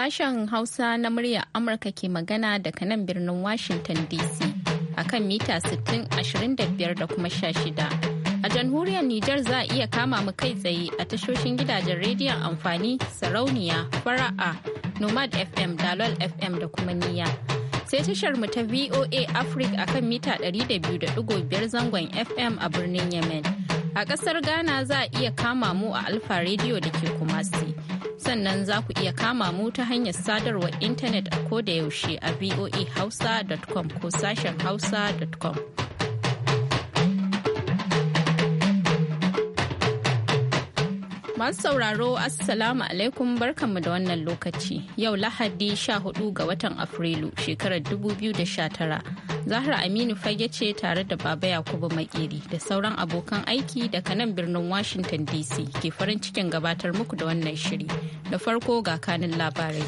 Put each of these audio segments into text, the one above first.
Sashen Hausa na murya Amurka ke magana daga nan birnin Washington DC a kan mita 6025 da kuma 16. A jamhuriyar Nijar za a iya kama mu kai tsaye a tashoshin gidajen rediyon amfani sarauniya, fara'a, Nomad FM, Dalol FM da kuma niya sai tashar mu ta VOA Africa akan mita 200.5 zangon FM a birnin Yemen. A ƙasar Ghana za a iya kama mu a Alfa rediyo da ke Kumasi. sannan za ku iya kama mu ta hanyar sadarwar intanet a koda yaushe a voahausa.com ko sashen hausa.com. Masu sauraro Assalamu alaikum barkanmu da wannan lokaci. Yau Lahadi 14 ga watan Afrilu shekarar 2019. Zahra Aminu fage ce tare da Baba Yakubu Makeri da sauran abokan aiki daga nan birnin Washington DC ke farin cikin gabatar muku da wannan shiri. Da farko ga kanin labarai.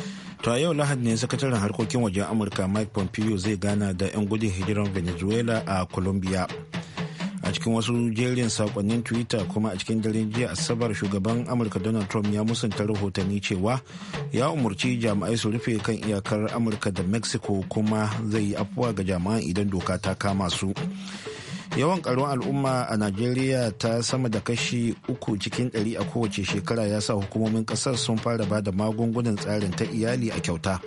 To a yau Lahadi ne sakataren harkokin wajen Amurka Mike Pompeo zai gana da 'yan gudun hijiran Venezuela a Colombia. a cikin wasu jerin sakonnin twitter kuma a cikin daren jiya asabar shugaban amurka donald trump ya musanta rahotanni cewa ya umarci jami'ai su rufe kan iyakar amurka da mexico kuma zai yi afuwa ga jami'an idan doka ta kama su yawan karuwan al'umma a najeriya ta sama da kashi uku cikin ɗari a kowace shekara ya sa hukumomin ƙasar sun fara ba da magungunan tsarin ta iyali a kyauta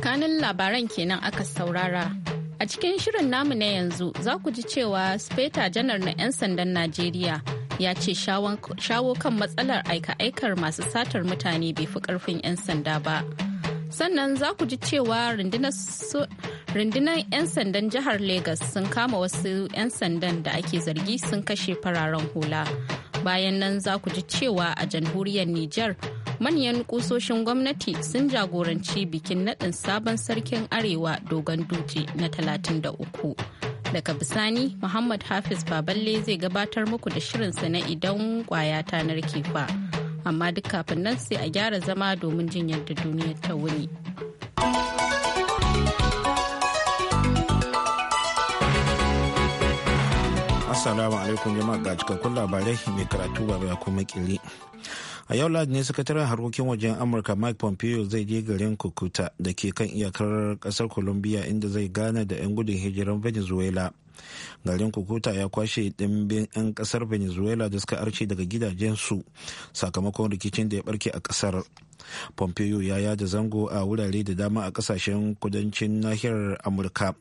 kanin labaran kenan aka saurara A cikin shirin namu na yanzu za ku ji cewa Speta janar na 'yan sandan Najeriya ya ce shawo kan matsalar aika-aikar masu satar mutane bai fi karfin 'yan sanda ba. Sannan za ku ji cewa rundunar 'yan sandan jihar Legas sun kama wasu 'yan sandan da ake zargi sun kashe fararen hula. Bayan nan za ku ji cewa a jamhuriyar Nijar manyan kusoshin gwamnati sun jagoranci bikin nadin sabon sarkin arewa dogon dutse na 33 daga bisani muhammad hafiz baballe zai gabatar muku da shirinsa na idan kwaya ta narke fa amma duk kafin nan sai a gyara zama domin jin yadda duniyar ta wuni. Assalamu alaikum jama'a ga cikakkun labarai mai karatu ba kuma kiri. a yau lahadi ne sakataren harkokin wajen amurka mike pompeo zai je garin kukuta da ke kan iyakar kasar colombia inda zai gana da 'yan gudun hijiran venezuela garin kukuta ya kwashe ɗimbin 'yan kasar venezuela da suka arce daga gidajensu sakamakon rikicin da ya barke a kasar pompeo ya yada zango a wurare da dama a kasashen kudancin nahiyar amurka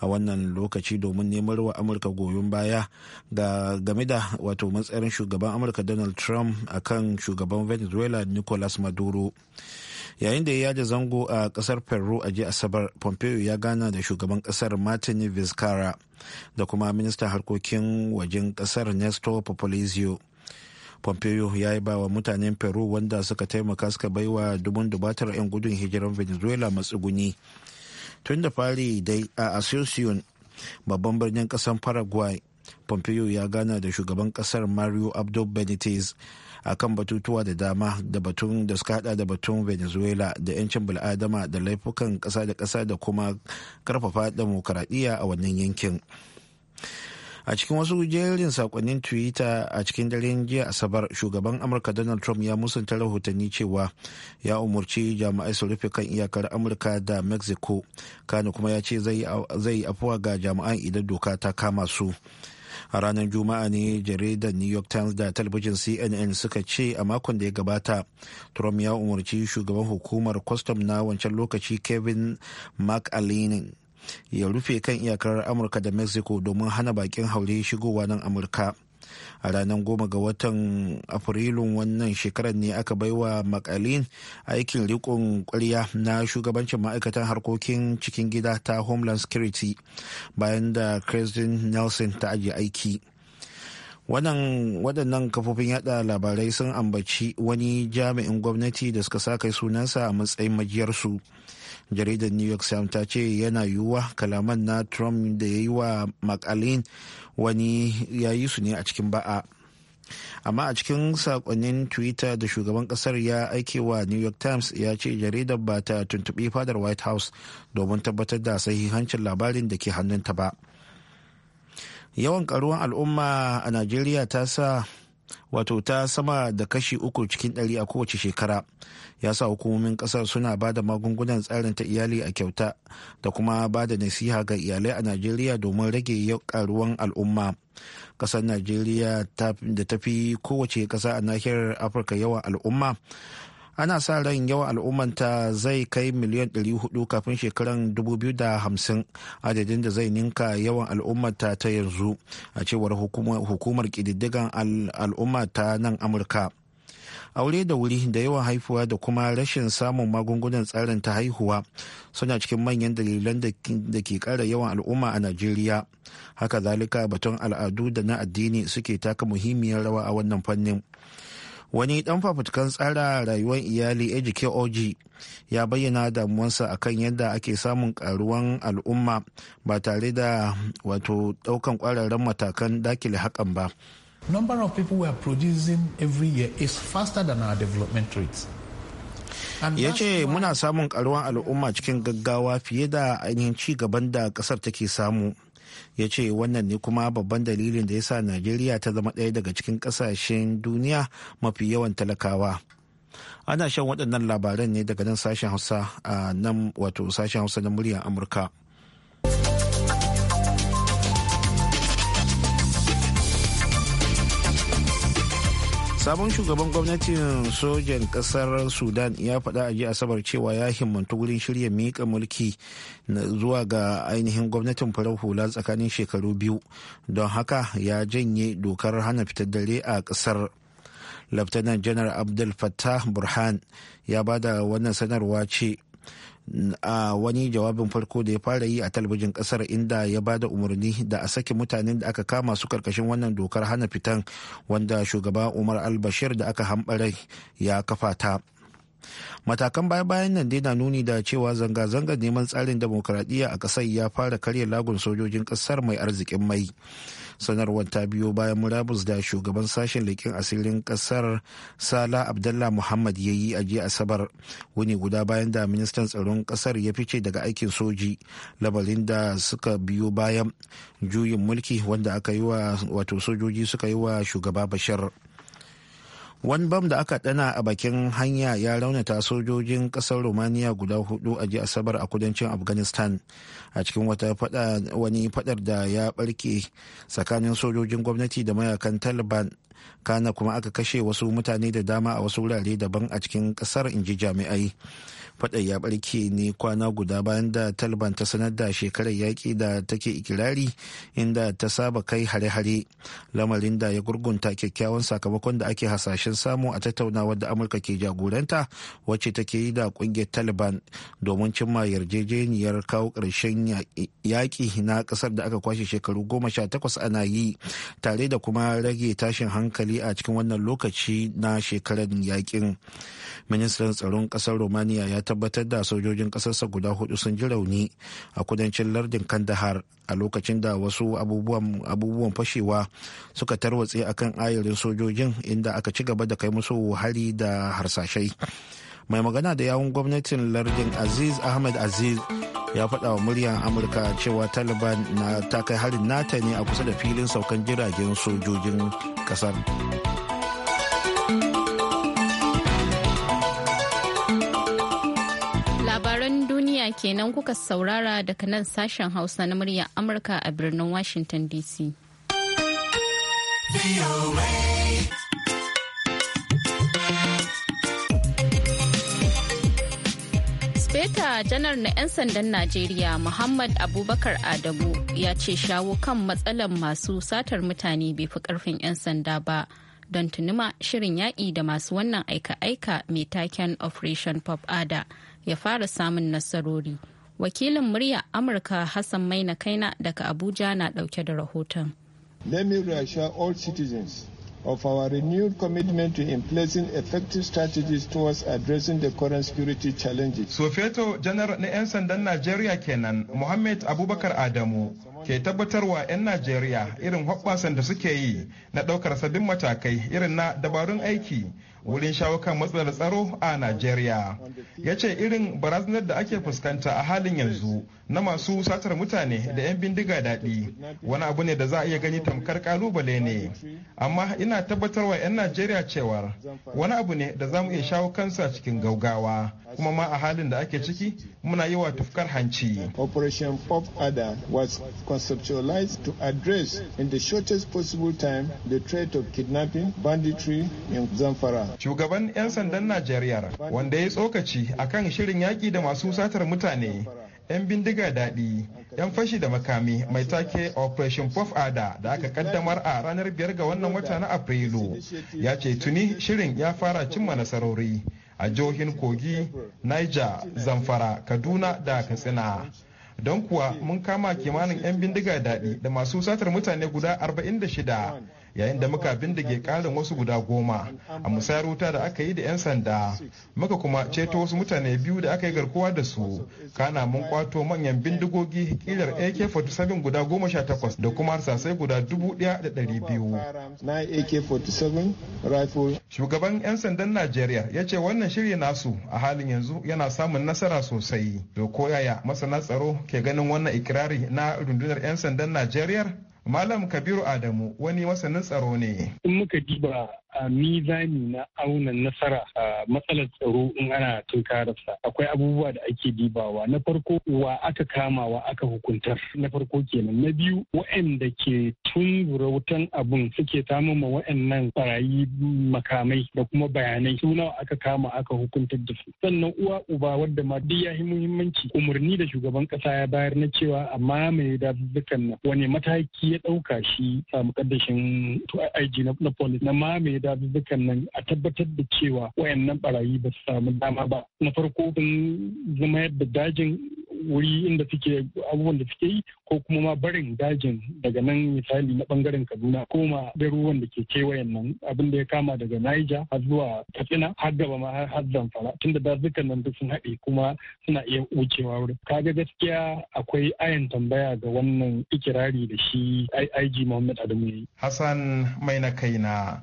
a wannan lokaci domin neman wa amurka goyon baya ga game da wato matsayin shugaban amurka donald trump a kan shugaban venezuela nicolas maduro yayin da ya yada zango a kasar peru a jiya asabar pompeo ya gana da shugaban kasar martin vizcarra da kuma ministan harkokin wajen kasar nestor populizio pompeo ya yi ba wa mutanen peru wanda suka taimaka suka baiwa dubun dubatar 'yan gudun hijiran venezuela matsuguni tun da fari dai a asuncion babban birnin kasan paraguay pompeo ya gana da shugaban kasar mario abdo benitez a kan batutuwa da dama da batun da suka hada da batun venezuela da 'yancin bil'adama da laifukan kasa da kasa da kuma karfafa demokaradiyya a wannan yankin a cikin wasu jerin sakonnin twitter a cikin daren jiya asabar shugaban amurka donald trump ya musanta rahotanni cewa ya umarci jami'ai su rufe kan iyakar amurka da mexico kano kuma ya ce zai afuwa ga jami'an idan doka ta kama su a ranar juma'a ne jaridar new york times da talabijin cnn suka ce a makon da ya gabata trump ya umarci shugaban hukumar kwastam na wancan lokaci kevin mcallenin ya rufe kan iyakar amurka da mexico domin hana bakin haure shigowa nan amurka a ranar goma ga watan afrilun wannan shekarar ne aka bai wa makalin aikin rikon kwarya na shugabancin ma'aikatan harkokin cikin gida ta homeland security bayan da kristin nelson ta ajiye aiki waɗannan kafofin yada labarai sun ambaci wani jami'in gwamnati da suka sa kai sunansa a matsayin majiyarsu. jaridar new york sam ta ce yana yiwuwa kalaman na trump da ya yi wa mcallen wani ya yi su ne a cikin ba'a amma a cikin sakonnin twitter da shugaban kasar ya aikewa wa new york times ya ce jaridar ba ta tuntubi fadar white house domin tabbatar da sahihancin labarin da ke hannunta ba yawan karuwan al'umma a najeriya ta sa wato ta sama da kashi uku cikin ɗari a kowace shekara ya sa hukumomin ƙasar suna ba da magungunan tsarin ta iyali a kyauta da kuma ba da nasiha ga iyalai a najeriya domin rage karuwan al'umma ƙasar najeriya da ta fi kowace ƙasa a nahiyar afirka yawan al'umma ana sa ran yawan al'ummanta zai kai miliyan 400 kafin shekaran 2050 adadin da zai ninka yawan al'ummata ta yanzu a cewar hukumar ƙididdigan al'umma ta nan amurka aure da wuri da yawan haifuwa da kuma rashin samun magungunan tsarin ta haihuwa suna cikin manyan dalilan da ke kara yawan al'umma a najeriya haka zalika batun al'adu da na addini suke taka muhimmiyar rawa a wannan fannin wani dan fafutukan tsara rayuwar iyali ejike oji ya bayyana damuwansa akan yadda ake samun karuwan al'umma ba tare da wato daukan kwararren matakan dakile hakan ba number of people we are producing every year is faster than our development rates ya ce muna samun karuwan al'umma cikin gaggawa fiye da ainihin ci gaban da kasar take samu ya ce wannan ne kuma babban dalilin da ya sa najeriya ta zama ɗaya daga cikin ƙasashen duniya mafi yawan talakawa ana shan waɗannan labaran ne daga nan sashen hausa a nan wato sashen hausa na muryar amurka sabon shugaban gwamnatin sojan kasar sudan ya faɗa a asabar cewa ya himmantu wurin shirya miƙa mulki zuwa ga ainihin gwamnatin farar hula tsakanin shekaru biyu don haka ya janye dokar hana fitar dare a kasar laftanan janar abdul fattah burhan ya bada wannan sanarwa ce a wani jawabin farko da ya fara yi a talabijin kasar inda ya ba da umarni da a sake mutanen da aka kama su karkashin wannan dokar hana fitan wanda shugaba umar albashir da aka hambarai ya kafa ta matakan baya-bayan nan dai na nuni da cewa zanga-zangar neman tsarin demokuraɗiyya a ƙasar ya fara karya lagun sojojin ƙasar mai arzikin mai sanarwar ta biyo bayan murabus da shugaban sashen leƙen asirin ƙasar sala abdallah muhammad ya yi a jiya asabar wani guda bayan da ministan tsaron ƙasar ya fice daga aikin soji labarin da suka biyo bayan juyin mulki wanda aka yi wa wato sojoji suka yi wa shugaba bashar wani bam da aka dana a bakin hanya ya raunata sojojin kasar romania guda hudu a jiya asabar a kudancin afghanistan a cikin wata wani fadar da ya barke tsakanin sojojin gwamnati da mayakan taliban kana kuma aka kashe wasu mutane da dama a wasu wurare daban a cikin kasar inji jami'ai faɗai ya ɓarke ne kwana guda bayan da taliban ta sanar da shekarar yaƙi da take ikirari inda ta saba kai hare-hare lamarin da ya gurgunta kyakkyawan sakamakon da ake hasashen samu a tattaunawar da amurka ke jagoranta wacce take yi da ƙungiyar taliban domin cimma yarjejeniyar kawo ƙarshen yaƙi na ƙasar da aka kwashe shekaru goma sha takwas ana yi tare da kuma rage tashin hankali hankali a cikin wannan lokaci na shekarar yakin ministan tsaron kasar romania ya tabbatar da sojojin kasarsa guda hudu sun ji rauni a kudancin lardin kandahar a lokacin da wasu abubuwan fashewa suka tarwatse akan ayarin sojojin inda aka ci gaba da kai musu hari da harsashai mai magana da yawun gwamnatin lardin aziz ahmed aziz ya faɗa wa muryar amurka cewa taliban na ta kai harin nata ne a kusa da filin saukan jiragen sojojin kasar labaran duniya kenan kuka saurara daga nan sashen hausa na muryar amurka a birnin washington dc Sufeta janar na 'yan sandan Najeriya Muhammad Abubakar Adamu ya ce shawo kan matsalar masu satar mutane bai fi karfin 'yan sanda ba don tunuma shirin yaƙi da masu wannan aika-aika mai taken Operation Pop Ada ya fara samun nasarori. Wakilin murya Amurka Hassan Maina Kaina daga Abuja na ɗauke da rahoton. Let me reassure all citizens of our renewed commitment to implementing effective strategies towards addressing the current security challenges. Sofeto janar na 'yan sandan Najeriya kenan Muhammad Abubakar Adamu ke tabbatarwa 'yan Najeriya irin hoɓɓasan da suke yi na ɗaukar sabbin matakai irin na dabarun aiki wurin shawo kan matsalar tsaro a Najeriya. Ya ce irin barazanar da ake fuskanta a halin yanzu na masu satar mutane da 'yan bindiga daɗi wani abu ne da za a iya gani tamkar kalubale ne. Amma ina tabbatarwa 'yan Najeriya cewar wani abu ne da za mu iya shawo kansa cikin gaugawa kuma ma a halin da ake ciki muna yi wa tufkar hanci. Operation Pop Ada was conceptualized to address in the shortest possible time the threat of kidnapping, banditry in Zamfara. shugaban 'yan sandan najeriya wanda ya tsokaci a kan shirin yaƙi da masu satar mutane 'yan bindiga daɗi 'yan fashi da makami mai take operation puff ada da aka kaddamar a ranar biyar ga wannan wata na afrilu ya ce tuni shirin ya fara cimma nasarori a jihohin kogi niger zamfara kaduna da katsina don kuwa mun kama kimanin 'yan bindiga daɗi da masu satar mutane guda 46 yayin da muka bindige karin wasu guda goma a musayar wuta da aka yi da 'yan sanda muka kuma ceto wasu mutane biyu da aka yi garkuwa da su kana mun kwato manyan bindigogi kilar ak-47 guda goma sha takwas da kuma harsasai guda dubu daya da dari biyu shugaban 'yan sandan najeriya ya ce wannan shirya nasu a halin yanzu yana samun nasara sosai da koyaya masana tsaro ke ganin wannan ikirari na rundunar 'yan sandan najeriya Malam Kabiru Adamu wani masanin tsaro ne. In muka diba mizani na aunan nasara a matsalar tsaro in ana tunkararsa akwai abubuwa da ake dibawa na farko wa aka kama wa aka hukuntar na farko kenan na biyu wa'anda ke tunzura wutan abun suke samun ma wa'annan barayi makamai da kuma bayanai su nawa aka kama aka hukuntar da su sannan uwa uba wadda ma duk yahi muhimmanci umarni da shugaban kasa ya bayar na cewa amma mai dazuzzukan nan wani mataki ya ɗauka shi a muƙaddashin IG na police na mamaye dazuzzukan nan a tabbatar da cewa wayannan barayi ba su samu dama ba na farko sun zama yadda dajin wuri inda suke abubuwan da suke yi ko kuma ma barin dajin daga nan misali na bangaren kaduna koma garuruwan da ke kewayen nan abin da ya kama daga naija har zuwa katsina har gaba ma har zamfara tunda dazukan nan duk sun haɗe kuma suna iya wucewa wurin kaga gaskiya akwai ayan tambaya ga wannan ikirari da shi IG Muhammad Adamu yayi Hassan mai na kaina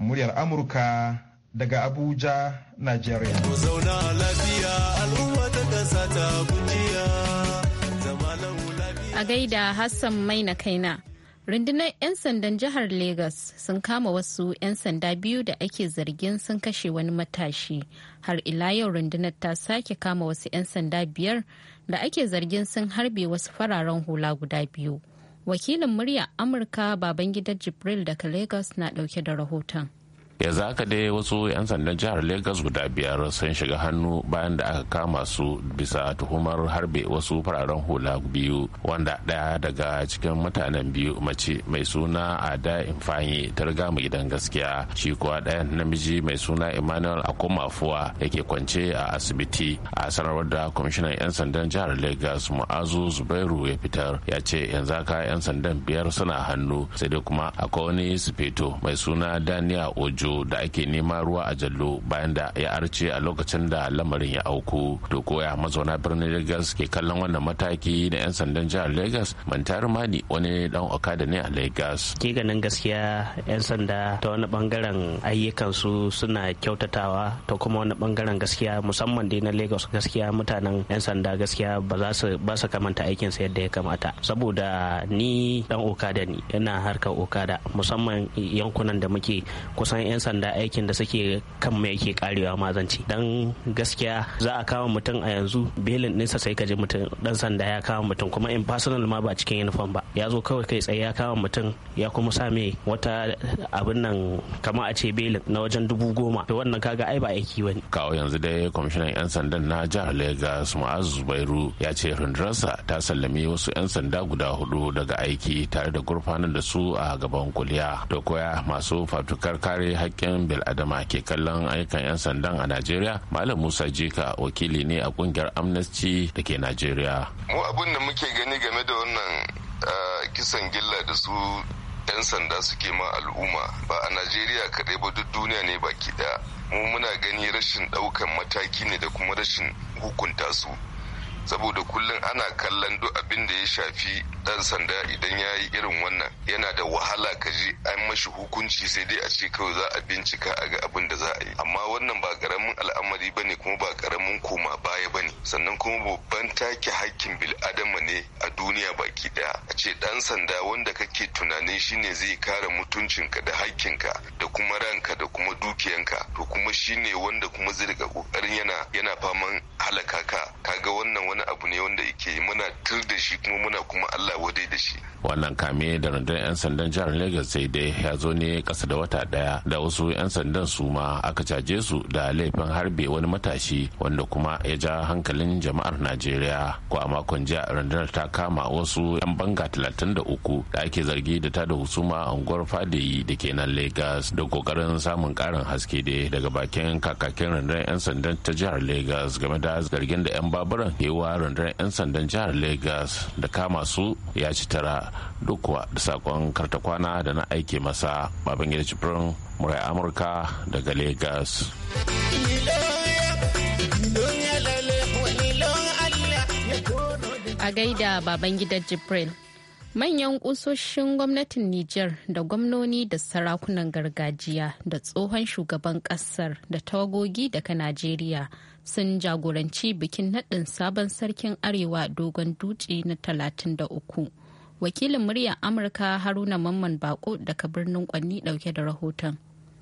muryar amurka daga abuja nigeria a gaida hassan mai na kaina rundunar 'yan sandan jihar lagos sun kama wasu 'yan sanda biyu da ake zargin sun kashe wani matashi har ila yau rundunar ta sake kama wasu 'yan sanda biyar da ake zargin sun harbe wasu fararen hula guda biyu wakilin murya amurka babangida jibril daga lagos na dauke da rahoton yanzu haka dai wasu 'yan sandan jihar lagos guda biyar sun shiga hannu bayan da aka kama su bisa tuhumar harbe wasu fararen hula biyu wanda ɗaya daga cikin mutanen biyu mace mai suna ada infanye ta riga mu gidan gaskiya shi kuwa ɗayan namiji mai suna emmanuel akumafuwa da ke kwance a asibiti a sanarwar da kwamishinan 'yan sandan jihar lagos mu'azu zubairu ya fitar ya ce yanzu haka 'yan sandan biyar suna hannu sai dai kuma akwai wani sufeto mai suna daniel ojo jallo da ake nema ruwa a jallo bayan da ya arce a lokacin da lamarin ya auku to koya mazauna birnin lagos ke kallon wannan mataki da 'yan sandan jihar lagos mantar mani wani dan okada ne a lagos ke ganin gaskiya 'yan sanda ta wani bangaren ayyukan su suna kyautatawa ta kuma wani bangaren gaskiya musamman dai na lagos gaskiya mutanen 'yan sanda gaskiya ba za su ba su kamanta aikin sa yadda ya kamata saboda ni dan okada ne yana harkar okada musamman yankunan da muke kusan 'yan 'yan sanda aikin da suke kan mai yake karewa ma zan dan gaskiya za a kama mutum a yanzu belin ɗinsa sai ka ji mutum dan sanda ya kama mutum kuma in personal ma ba cikin uniform ba ya zo kawai kai tsaye ya kama mutum ya kuma sa mai wata abin nan kama a ce belin na wajen dubu goma to wannan kaga ai ba aiki ne. kawo yanzu dai kwamishinan 'yan sandan na jihar Legas ma'azu Zubairu ya ce rundunarsa ta sallame wasu 'yan sanda guda hudu daga aiki tare da gurfanar da su a gaban kuliya da koya masu fatukar kare hakken bil'adama ke kallon ayyukan 'yan sandan a najeriya malam musa jika wakili ne a kungiyar amnesty da ke najeriya mu abin da muke gani game da wannan kisan gilla da su 'yan sanda suke ma al'umma ba a najeriya kaɗai ba duk duniya ne baki ɗaya mu muna gani rashin ɗaukan mataki ne da kuma rashin hukunta su saboda kullum ana kallon duk abin da ya shafi dan sanda idan ya yi irin wannan yana da wahala ka ji an mashi hukunci sai dai a ce kawai za a bincika a ga abin da za a yi amma wannan ba karamin al'amari ba ne kuma ba karamin koma baya ba ne sannan kuma babban take hakkin bil adama ne a duniya baki daya a ce dan sanda wanda kake tunanin shine zai kare mutuncinka da hakkinka da kuma ranka da kuma dukiyanka to kuma shine wanda kuma zai rika kokarin yana yana faman halaka ka kaga wannan wani abu ne wanda yake muna tur da shi kuma muna kuma Allah wadai da shi wannan kame da rundun 'yan sandan jihar Lagos sai dai ya zo ne kasa da wata daya da wasu 'yan sandan su ma aka caje su da laifin harbe wani matashi wanda kuma ya ja hankalin jama'ar Najeriya ko a makon jiya rundunar ta kama wasu 'yan banga 33 da ake zargi da ta da husuma a unguwar Fadeyi da ke nan Lagos da kokarin samun karin haske da daga bakin kakakin rundunar 'yan sandan ta jihar Lagos game da zargin da 'yan baburan yi kuwa rundunar 'yan sandan jihar lagos da kama su ya ci tara duk kuwa da sakon karta kwana da na aiki masa babangida cifirin murai amurka daga lagos a gaida baban gidan jibril manyan ƙusoshin gwamnatin Nijar da gwamnoni da sarakunan gargajiya da tsohon shugaban ƙasar da tawagogi daga Najeriya sun jagoranci bikin naɗin sabon sarkin arewa dogon dutse na talatin da uku Wakilin muryar Amurka Haruna Mamman Bako daga birnin Kwanni ɗauke da rahoton.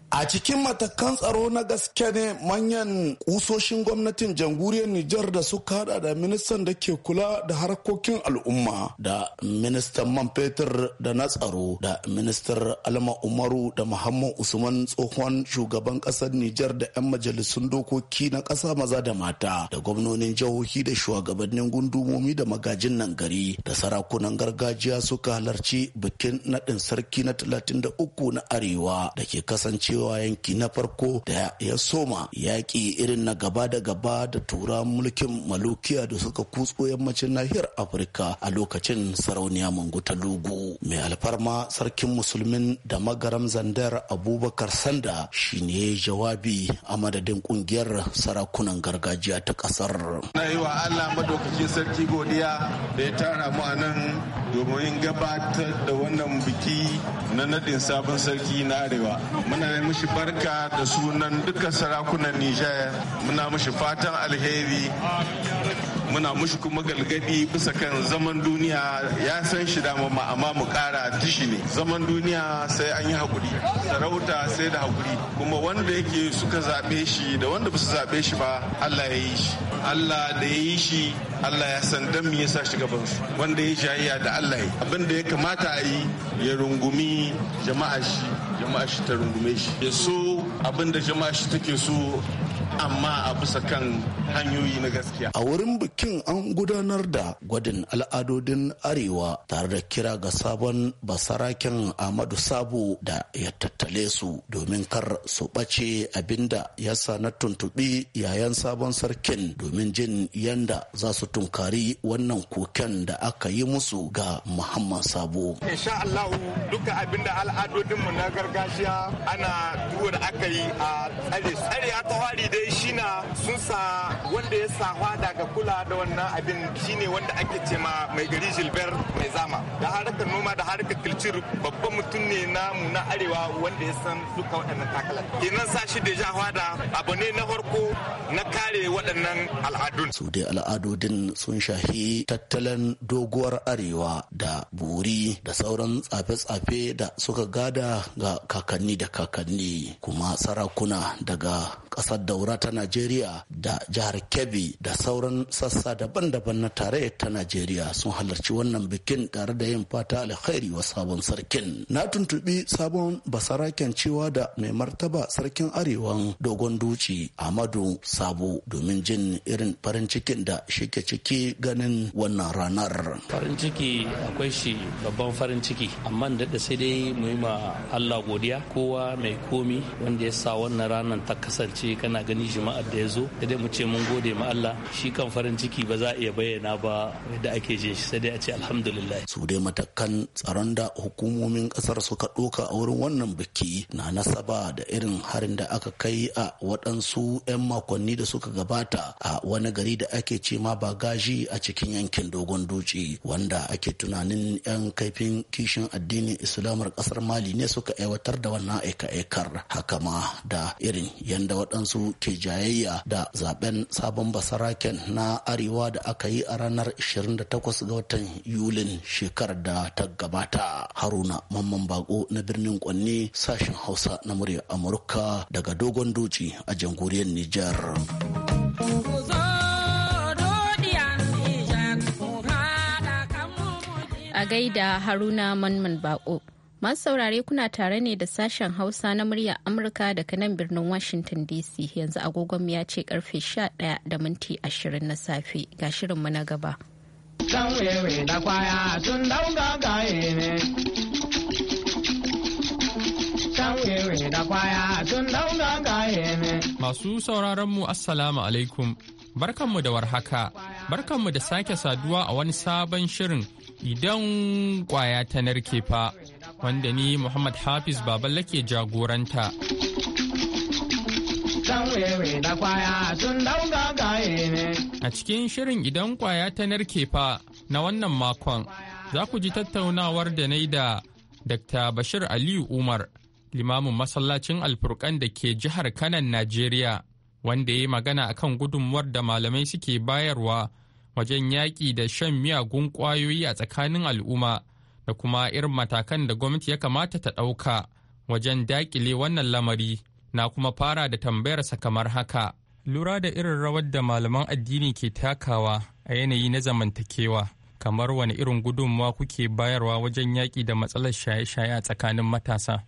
A cikin matakan tsaro na gaske ne manyan kusoshin gwamnatin jamhuriyar Nijar da suka hada da ministan da ke kula da harkokin al'umma da ministan man fetur da na tsaro da ministar Alma Umaru da Muhammad Usman tsohon shugaban kasar Nijar da 'yan majalisun dokoki na ƙasa maza da mata da gwamnonin jihohi da shugabannin gundumomi da magajin nan gari da sarakunan gargajiya suka halarci bikin naɗin sarki na 33 na arewa da ke kasancewa cewa yanki na farko da ya soma yaƙi irin na gaba da gaba da tura mulkin malukiya da suka kutso yammacin nahiyar afirka a lokacin sarauniya mungu ta lugu mai alfarma sarkin musulmin da magaram zandar abubakar sanda shine jawabi a madadin kungiyar sarakunan gargajiya ta kasar na yi wa allah madaukakin sarki godiya da ya tara mu a nan domin gabatar da wannan biki na nadin sabon sarki na arewa muna yi mishi barka da sunan duka sarakunan nijar muna mishi fatan alheri muna mushi kuma galgadi bisa kan zaman duniya ya san shi dama ma amma mu kara dishi ne zaman duniya sai an yi hakuri sarauta sai da hakuri kuma wanda yake suka zaɓe shi da wanda ba su zaɓe shi ba Allah ya yi shi Allah da ya yi shi Allah ya san dan me yasa shi gaban su wanda ya jayayya da Allah ya abin da ya kamata a yi ya rungumi jama'a shi jama'a shi ta rungume shi ya so abin da jama'a shi take so amma a bisa kan hanyoyi na gaskiya. A wurin bikin an gudanar da gwadin al'adodin Arewa tare da kira ga sabon basaraken Ahmadu Sabo da ya tattale su domin kar su ɓace abinda ya sa na tuntuɓi yayan sabon sarkin domin jin yanda za su tunkari wannan koken da aka yi musu ga Muhammad Sabo. Insha Allah duka abinda al'adodinmu na gargajiya ana duwar aka yi a tsare tsare ya tawari dai shina sun sa wanda ya sahwa daga kula da wannan abin shine wanda ake ce ma mai gari Gilbert mai zama da harkar noma da harkar kilcir babban mutum ne namu na arewa wanda ya san duka waɗannan takalar kenan sa shi da jahwada abu ne na farko na kare waɗannan al'adun su dai al'adodin sun shahi tattalin doguwar arewa da buri da sauran tsafe-tsafe da suka gada ga kakanni da kakanni kuma sarakuna daga ƙasar daura ta najeriya da jihar kebbi da sauran sassa daban-daban na tare ta najeriya sun halarci wannan bikin tare da yin fata alkhairi wa sabon sarkin na tuntubi sabon basaraken cewa da mai martaba sarkin arewan dogon duci amadu sabo domin jin irin farin cikin da shike ciki ganin wannan ranar farin ciki akwai shi babban farin ciki amma da sai dai mu yi allah godiya kowa mai komi wanda ya sa wannan ranar ta kasance ce kana gani jima'ar da ya zo sai dai mu ce mun gode ma Allah shi kan farin ciki ba za a iya bayyana ba yadda ake jin shi sai dai a ce alhamdulillah su dai matakan tsaron da hukumomin kasar suka ɗoka a wurin wannan biki na nasaba da irin harin da aka kai a waɗansu 'yan makonni da suka gabata a wani gari da ake ce ma bagaji a cikin yankin dogon duci wanda ake tunanin 'yan kaifin kishin addinin islamar kasar mali ne suka aiwatar da wannan aika-aikar haka ma da irin yanda waɗansu waɗansu ke jayayya da zaben sabon basaraken na arewa da aka yi a ranar 28 ga watan yulin shekarar da ta gabata haruna mamman bako na birnin kwanne sashen hausa na murya amurka daga dogon doci a jamhuriyar nijar a gaida haruna mamman bako Masu saurare kuna tare ne da sashen Hausa na murya Amurka daga nan birnin Washington DC yanzu agogon ya ce karfe 11 da minti 20 na safe ga shirinmu na gaba. Masu sauraronmu Assalamu alaikum, barkanmu da warhaka, barkanmu da sake saduwa a wani sabon shirin idan kwaya ta narkefa. wanda ni Muhammad Hafiz Baballe ke jagoranta. A cikin shirin idan kwaya ta narke fa na wannan makon za ku ji tattaunawar da na da Dr. Bashir Aliyu Umar, limamin masallacin alfurkan da ke jihar Kanan, Najeriya, wanda ya yi magana kan gudunmuwar da malamai suke bayarwa wajen yaƙi da shan miyagun ƙwayoyi a tsakanin al'umma. da kuma irin matakan da gwamnati ya kamata ta ɗauka wajen daƙile wannan lamari na kuma fara da tambayarsa kamar haka. Lura da irin rawar da malaman addini ke takawa a yanayi na zamantakewa, kamar wani irin gudunmawa kuke bayarwa wajen yaƙi da matsalar shaye-shaye a tsakanin matasa.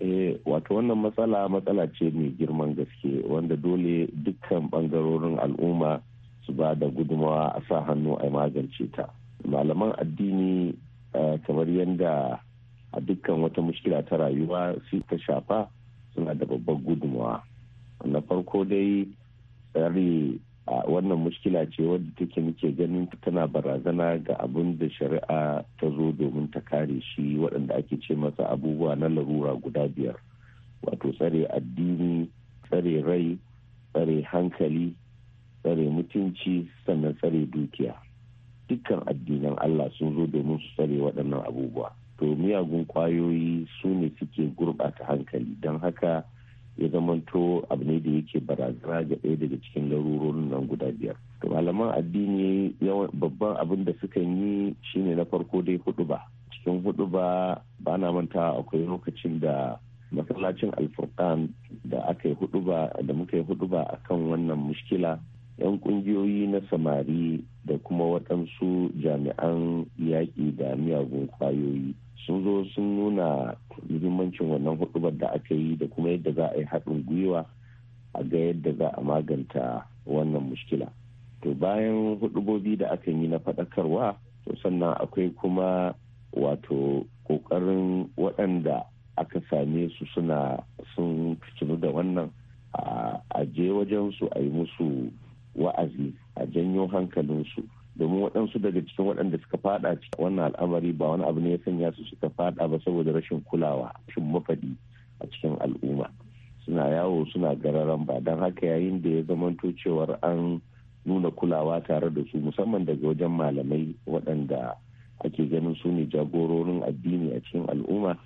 Eh, wato wannan matsala matsala ce mai girman gaske wanda dole dukkan bangarorin al'umma su ba da gudunmawa a sa hannu a magance ta. Malaman addini Eh, kamar yadda a dukkan wata mushkila ta rayuwa su ta shafa suna da babbar gudunmawa na farko dai tsare wannan mushkila ce wadda take muke ganin tana barazana ga abin da shari'a ta zo domin ta kare shi waɗanda ake ce masa abubuwa na larura guda biyar wato tsare addini tsare rai tsare hankali tsare mutunci sannan tsare dukiya dukkan addinan Allah sun zo domin su tsare waɗannan abubuwa to miyagun kwayoyi su ne suke gurɓata hankali don haka ya zamanto abu ne da yake barazana ga ɗaya daga cikin larurorin nan guda biyar to malaman addini yawan babban abin da suka yi shine na farko dai hudu ba cikin hudu ba ba na manta akwai lokacin da masallacin alfurkan da aka yi hudu ba da muka yi hudu ba akan wannan mushkila yan ƙungiyoyi na samari da kuma waɗansu jami'an yaƙi da miyagun kwayoyi sun zo sun nuna muhimmancin wannan hudubar da aka yi da kuma yadda za a yi haɗin gwiwa a ga yadda za a maganta wannan mushkila to bayan hudubobi da aka yi na faɗakarwa to sannan akwai kuma wato ƙoƙarin waɗanda aka same su suna sun fitinu da wannan a je wajen su a yi musu wa'azi a janyo hankalinsu domin waɗansu daga cikin waɗanda suka fada cikin wannan al'amari ba wani abu ne ya sanya su suka fada ba saboda rashin kulawa rashin mafadi a cikin al'umma suna yawo suna gararan ba don haka yayin da ya zamanto cewar an nuna kulawa tare da su musamman daga wajen malamai waɗanda ake ganin su ne jagororin addini a cikin al'umma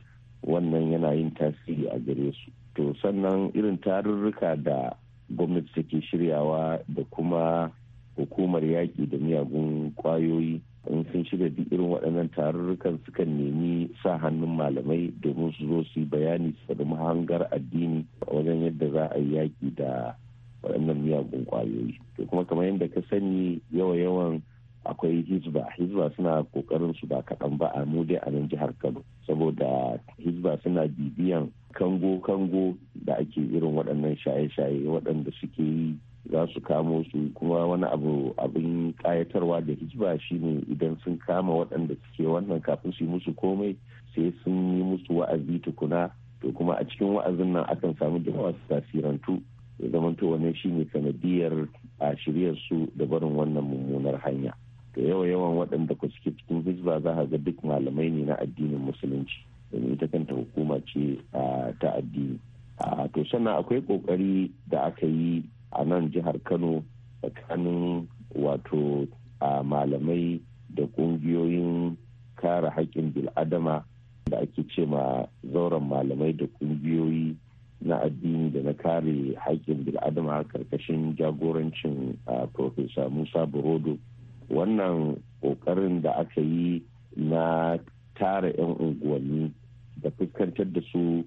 wannan yana yin tasiri a gare su to sannan irin tarurruka da gwamnati take shiryawa da kuma hukumar yaƙi da miyagun kwayoyi in sun shirya duk irin waɗannan tarurrukan sukan nemi sa hannun malamai domin su zo su yi bayani su da mahangar addini a wajen yadda za a yi yaƙi da waɗannan miyagun kwayoyi to kuma kamar yadda ka sani yawa yawan akwai hizba hizba suna kokarin su ba kaɗan ba a mude a nan jihar kano saboda hizba suna bibiyan kango kango da ake irin waɗannan shaye-shaye waɗanda suke yi za su kamo su kuma wani abu abin kayatarwa da shi ne idan sun kama waɗanda suke wannan kafin su yi musu komai sai sun yi musu wa'azi tukuna to kuma a cikin wa'azin nan akan samu da yawa su tasirantu ya zamanto wannan ne sanadiyar a shiryar su da barin wannan mummunar hanya da yawa yawan waɗanda ku suke cikin hijba za ga duk malamai ne na addinin musulunci domin ita kanta hukuma ce ta addini to sannan akwai kokari da aka yi a nan jihar kano tsakanin wato a malamai da ƙungiyoyin kare haƙƙin bil'adama da ake ce ma zauren malamai da ƙungiyoyi na addini da na kare haƙƙin bil'adama karkashin jagorancin profesa musa burodo wannan ƙoƙarin da aka yi na tara 'yan unguwanni da fuskantar da su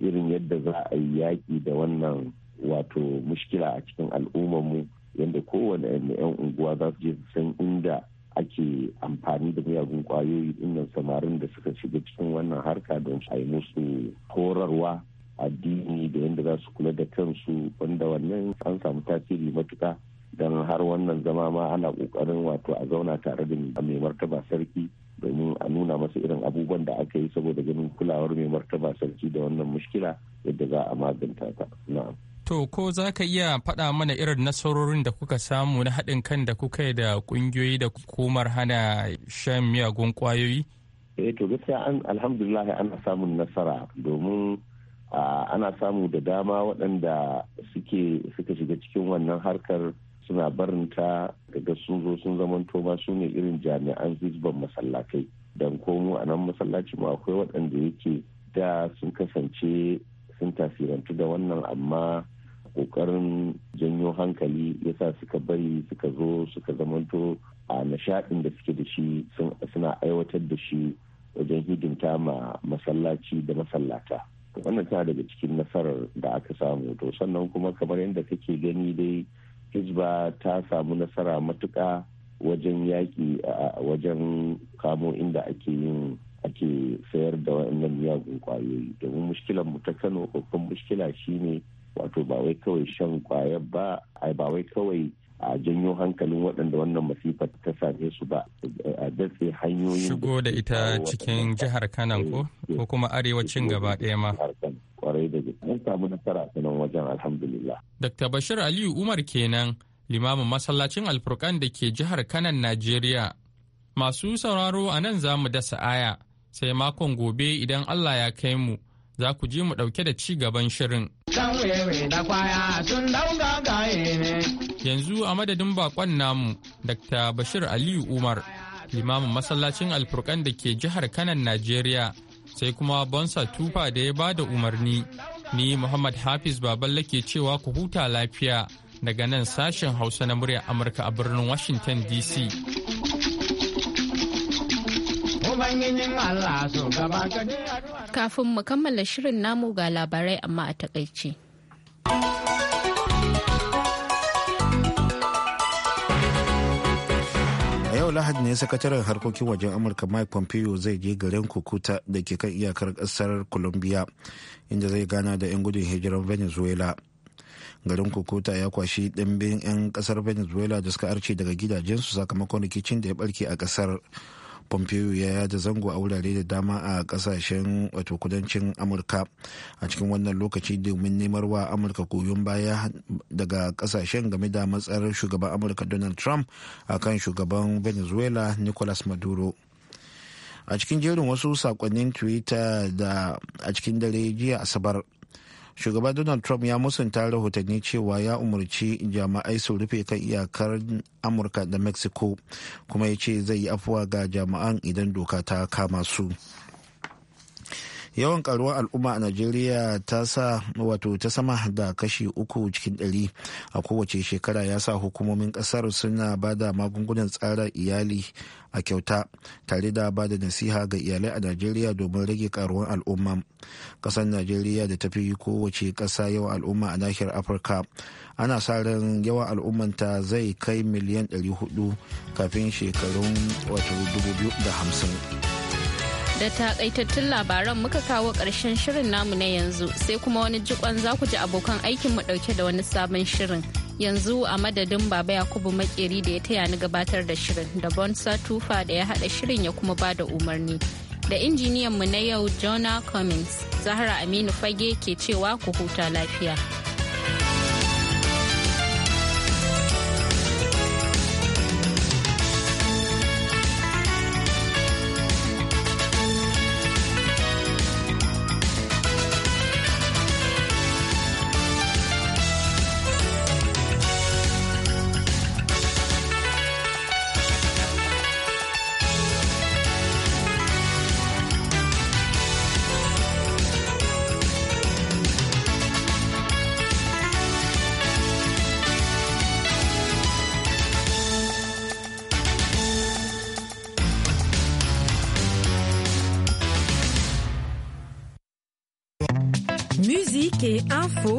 irin yadda za a yi yaƙi da wannan wato mushkila a cikin al'ummarmu yadda kowane 'yan unguwa za su je su san inda ake amfani da miyagun kwayoyi inda samarin da suka shiga cikin wannan harka don a yi musu horarwa addini da yadda za su kula da kansu wanda wannan an samu tasiri matuka don har wannan zama ma ana kokarin wato a zauna tare da mai martaba sarki domin a nuna masa irin abubuwan da aka yi saboda ganin kulawar mai martaba sarki da wannan mushkila yadda za a maganta ta na'am To, ko za ka iya faɗa mana irin nasarorin da kuka samu na haɗin kan da kuka yi da ƙungiyoyi da kumar hana shan miyagun ƙwayoyi? Eh, to gaskiya an alhamdulillah ana samun nasara domin ana samu da dama waɗanda suke suka shiga cikin wannan harkar suna barinta daga sun zo sun zamanto ma su ne irin jami'an hizban masallatai don komo a nan masallaci ma akwai waɗanda yake da sun kasance sun tasirantu da wannan amma kokarin janyo hankali ya sa suka bari suka zo suka zamanto a nishadin da suke da shi suna aiwatar da shi wajen hidimta ma masallaci da masallata wannan ta daga cikin nasarar da aka samu to sannan kuma kamar yadda kake gani dai hizba ta samu nasara matuka wajen yaƙi a wajen kamo inda ake yin ake sayar da waɗannan miyagun kwayoyi domin mushkilar mu ta kano babban mushkila shine wato ba wai kawai shan kwaya ba ai ba wai kawai a janyo hankalin waɗanda wannan masifa ta same su ba a datse hanyoyin shigo da ita cikin jihar kanan ko eh, eh, ko kuma arewacin gaba ɗaya ma kwarai da mun samu nasara a nan wajen alhamdulillah dr bashir aliyu umar kenan limamin masallacin alfurkan da ke jihar kanan najeriya masu sauraro a nan za mu dasa aya sai makon gobe idan allah ya kai mu za ku je mu ɗauke da ci gaban shirin Yanzu a madadin bakon namu, Dr. Bashir Aliyu Umar, limamin masallacin alfurkan da ke jihar Kanan, Najeriya, sai kuma Bonsa Tufa da ya bada umarni. Ni Muhammad Hafiz Baballe ke cewa ku huta lafiya daga nan sashen Hausa na muryar Amurka a birnin Washington DC. Ubangijin Allah so gaba Kafin mu kammala shirin namu ga labarai amma a takaice. a yau lahadi ne sakataren harkokin wajen amurka mike pompeo zai je garin kukuta da ke kan iyakar kasar colombia inda zai gana da 'yan gudun hijiran venezuela garin kukuta ya kwashi ɗimbin 'yan kasar venezuela da suka arce daga gidajensu sakamakon rikicin da ya barke a kasar pompeo ya yada zango a wurare da dama a kasashen wato kudancin amurka a cikin wannan lokaci domin nemar wa amurka goyon baya daga kasashen game da matsayar shugaban amurka donald trump a kan shugaban venezuela nicolas maduro a cikin jerin wasu sakonnin twitter da a cikin dare jiya asabar shugaba donald trump ya musanta rahotanni cewa ya umarci jama'ai su rufe kan iyakar amurka da mexico kuma ya ce zai yi afuwa ga jama'an idan doka ta kama su yawan karuwar al'umma a najeriya ta sa wato ta sama da kashi uku cikin ɗari a kowace shekara ya sa hukumomin ƙasar suna ba da magungunan tsara iyali a kyauta tare da ba da nasiha ga iyalai a najeriya domin rage karuwar al'umma ƙasar najeriya da tafi kowace ƙasa yawan al'umma a nahiyar afirka ana sa ran yawan al'ummanta zai kai miliyan 400 kafin shekarun wato 2050 da takaitattun labaran muka kawo ƙarshen shirin namu na yanzu sai kuma wani jikon za ku ji abokan aikin mu ɗauke da wani sabon shirin yanzu a madadin baba yakubu makeri da ya taya ni gabatar da shirin da bonsa tufa da ya haɗa shirin ya kuma bada umarni da injiniyan mu na yau jonah cummins zahra aminu fage ke cewa ku huta lafiya.